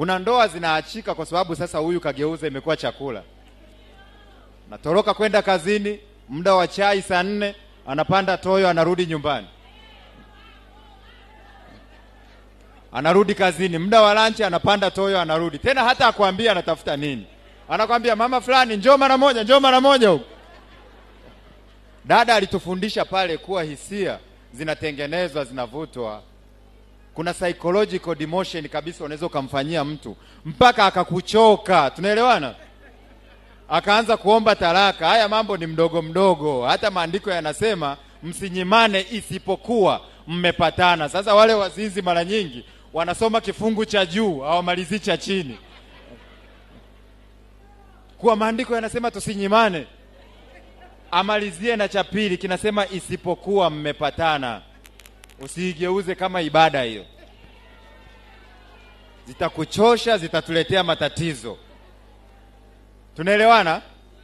Kuna ndoa zinaachika kwa sababu sasa huyu kageuza imekuwa chakula. Natoroka kwenda kazini muda wa chai saa nne, anapanda toyo, anarudi nyumbani, anarudi kazini, muda wa lanchi, anapanda toyo, anarudi tena, hata akwambia anatafuta nini, anakwambia mama fulani, njoo mara moja, njoo mara moja huko. Dada alitufundisha pale kuwa hisia zinatengenezwa, zinavutwa kuna psychological demotion kabisa unaweza ukamfanyia mtu mpaka akakuchoka, tunaelewana, akaanza kuomba talaka. Haya mambo ni mdogo mdogo, hata maandiko yanasema msinyimane isipokuwa mmepatana. Sasa wale wazinzi mara nyingi wanasoma kifungu cha juu hawamalizi cha chini, kuwa maandiko yanasema tusinyimane, amalizie na cha pili kinasema isipokuwa mmepatana usiigeuze kama ibada hiyo. Zitakuchosha, zitatuletea matatizo. Tunaelewana?